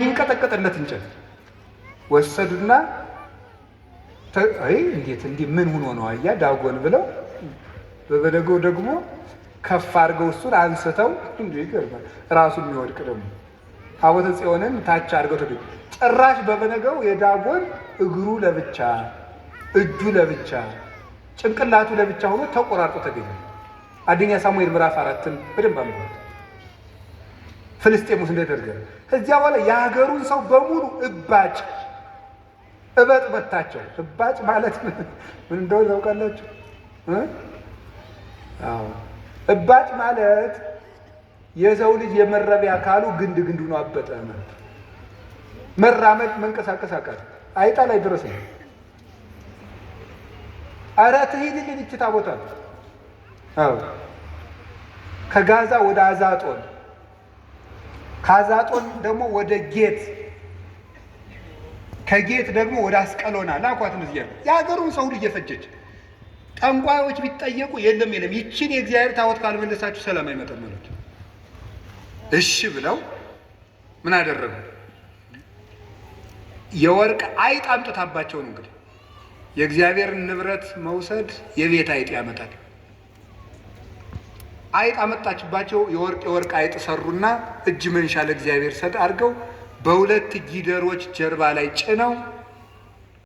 የሚንቀጠቀጥለት እንጨት ወሰዱና አይ እንዴት እንዲህ ምን ሆኖ ነው አያ ዳጎን ብለው በበደገው ደግሞ ከፍ አድርገው እሱን አንስተው እንዲ ይገርማል። ራሱን የሚወድቅ ደግሞ ታቦተ ጽዮንን ታች አድርገው ተደ ጭራሽ በበነገው የዳጎን እግሩ ለብቻ እጁ ለብቻ ጭንቅላቱ ለብቻ ሆኖ ተቆራርጦ ተገኘ። አንደኛ ሳሙኤል ምዕራፍ አራትን በደንብ አንብቡት። ፍልስጤም ውስጥ እንደደረገ እዚያ በኋላ የሀገሩን ሰው በሙሉ እባጭ እበጥ በታቸው። እባጭ ማለት ምን እንደሆነ ታውቃላችሁ? እባጭ ማለት የሰው ልጅ የመረቢያ አካሉ ግንድ ግንዱ ነው። አበጠ መራመድ፣ መንቀሳቀስ አቃት። አይጣ ላይ ድረስ ነው። አረ ትሂድልን ይችታ ቦታ ከጋዛ ወደ አዛጦን ከአዛጦን ደግሞ ወደ ጌት ከጌት ደግሞ ወደ አስቀሎና ላኳት። ምዝያ የሀገሩን ሰው ሁሉ እየፈጀች ጠንቋዮች ቢጠየቁ የለም የለም ይችን የእግዚአብሔር ታቦት ካልመለሳችሁ ሰላም አይመጣም አሉት። እሺ ብለው ምን አደረጉ? የወርቅ አይጥ ነው እንግዲህ የእግዚአብሔርን ንብረት መውሰድ የቤት አይጥ ያመጣል። አይጥ አመጣችባቸው። የወርቅ የወርቅ አይጥ ሰሩና እጅ መንሻ ለእግዚአብሔር ሰጥ አድርገው በሁለት ጊደሮች ጀርባ ላይ ጭነው